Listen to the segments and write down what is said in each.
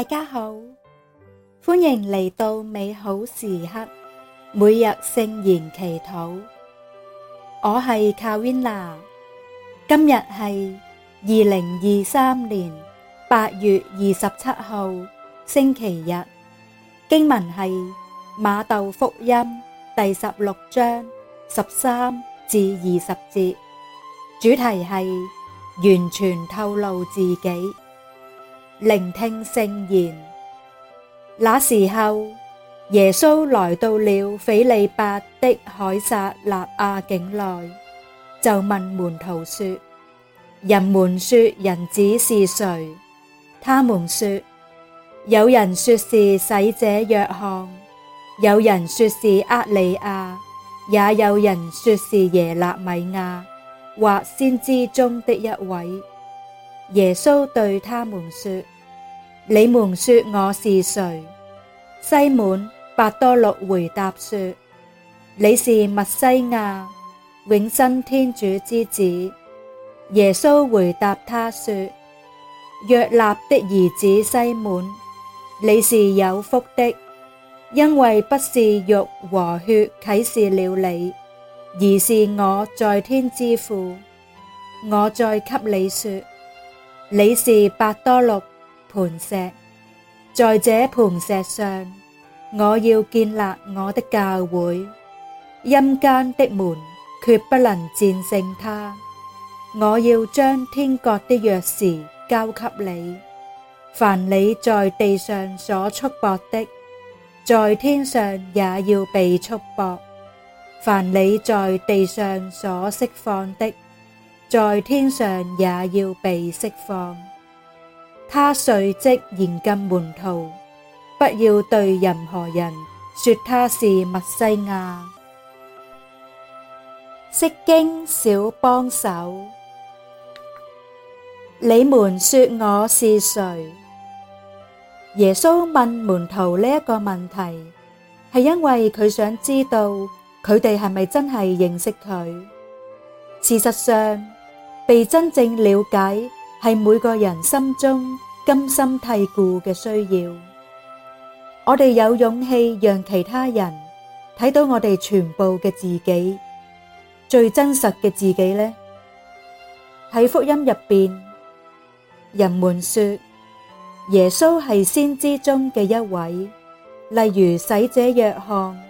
大家好，歡迎嚟到美好時刻，每日聖言祈禱。我係 Karina，今日係二零二三年八月二十七號星期日，經文係馬竇福音第十六章十三至二十節，主題係完全透露自己。聆聽聖言。那時候，耶穌來到了裴理伯的凱撒勒雅境內，就問門徒說：人們說人子是誰？他們說：有人說是洗者若翰，有人說是厄里亞，也有人說是耶肋米亞，或先知中的一位。耶穌對他們說：你們說我是誰？西滿、伯多祿回答說：你是默西亞，永生天主之子。耶穌回答他說：約納的兒子西滿，你是有福的，因為不是肉和血啟示了你，而是我在天之父。我再給你說。你是伯多祿磐石，在這磐石上，我要建立我的教會。陰間的門決不能戰勝它。我要將天國的鑰匙交給你。凡你在地上所束縛的，在天上也要被束縛；凡你在地上所釋放的，在天上也要被釋放。他遂即嚴禁門徒，不要對任何人說他是默西亞。釋經小幫手，你們說我是誰？耶穌問門徒呢一個問題，係因為佢想知道佢哋係咪真係認識佢。事實上。被真正了解係每個人心中根深蒂固嘅需要。我哋有勇氣讓其他人睇到我哋全部嘅自己，最真實嘅自己呢？喺福音入邊，人們說耶穌係先知中嘅一位，例如洗者若翰、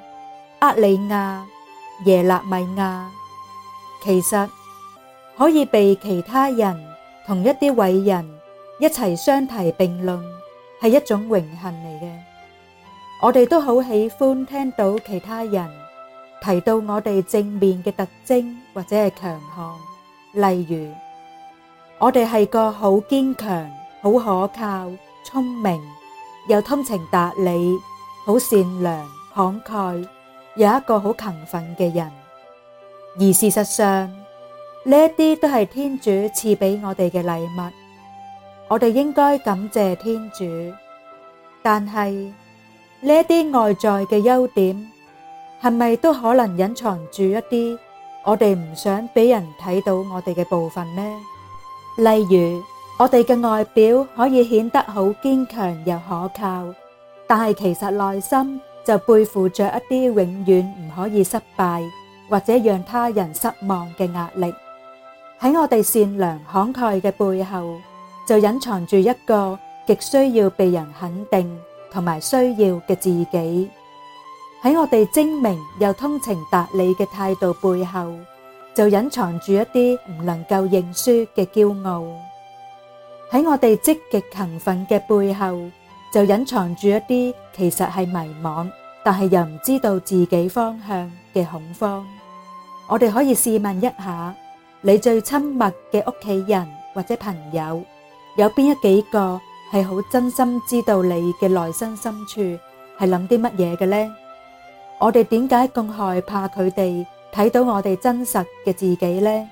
厄里亞、耶肋米亞。其實，可以被其他人同一啲偉人一齊相提並論，係一種榮幸嚟嘅。我哋都好喜歡聽到其他人提到我哋正面嘅特徵或者係強項，例如我哋係個好堅強、好可靠、聰明又通情達理、好善良、慷慨，有一個好勤奮嘅人。而事實上，呢一啲都係天主賜俾我哋嘅禮物，我哋應該感謝天主。但係呢一啲外在嘅優點，係咪都可能隱藏住一啲我哋唔想俾人睇到我哋嘅部分呢？例如，我哋嘅外表可以顯得好堅強又可靠，但係其實內心就背負着一啲永遠唔可以失敗或者讓他人失望嘅壓力。喺我哋善良慷慨嘅背後，就隱藏住一個極需要被人肯定同埋需要嘅自己，喺我哋精明又通情達理嘅態度背後，就隱藏住一啲唔能夠認輸嘅驕傲，喺我哋積極勤奮嘅背後，就隱藏住一啲其實係迷惘，但係又唔知道自己方向嘅恐慌。我哋可以試問一下。你最親密嘅屋企人或者朋友，有邊一幾個係好真心知道你嘅內心深處係諗啲乜嘢嘅呢？我哋點解咁害怕佢哋睇到我哋真實嘅自己呢？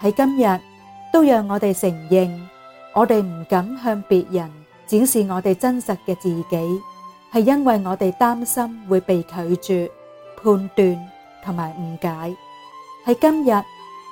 喺今日，都讓我哋承認，我哋唔敢向別人展示我哋真實嘅自己，係因為我哋擔心會被拒絕、判斷同埋誤解。喺今日。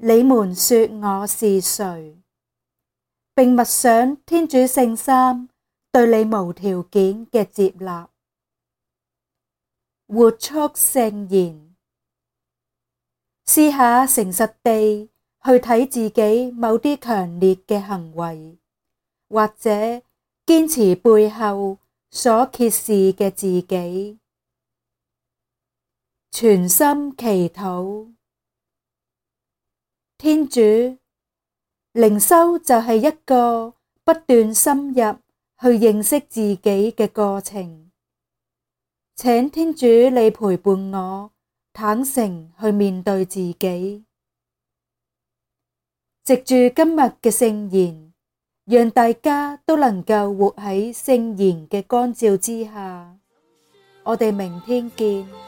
你們說我是誰？並默想天主聖三對你無條件嘅接納，活出聖言。試下誠實地去睇自己某啲強烈嘅行為，或者堅持背後所揭示嘅自己，全心祈禱。天主靈修就係一個不斷深入去認識自己嘅過程，請天主你陪伴我，坦誠去面對自己。藉住今日嘅聖言，讓大家都能夠活喺聖言嘅光照之下。我哋明天見。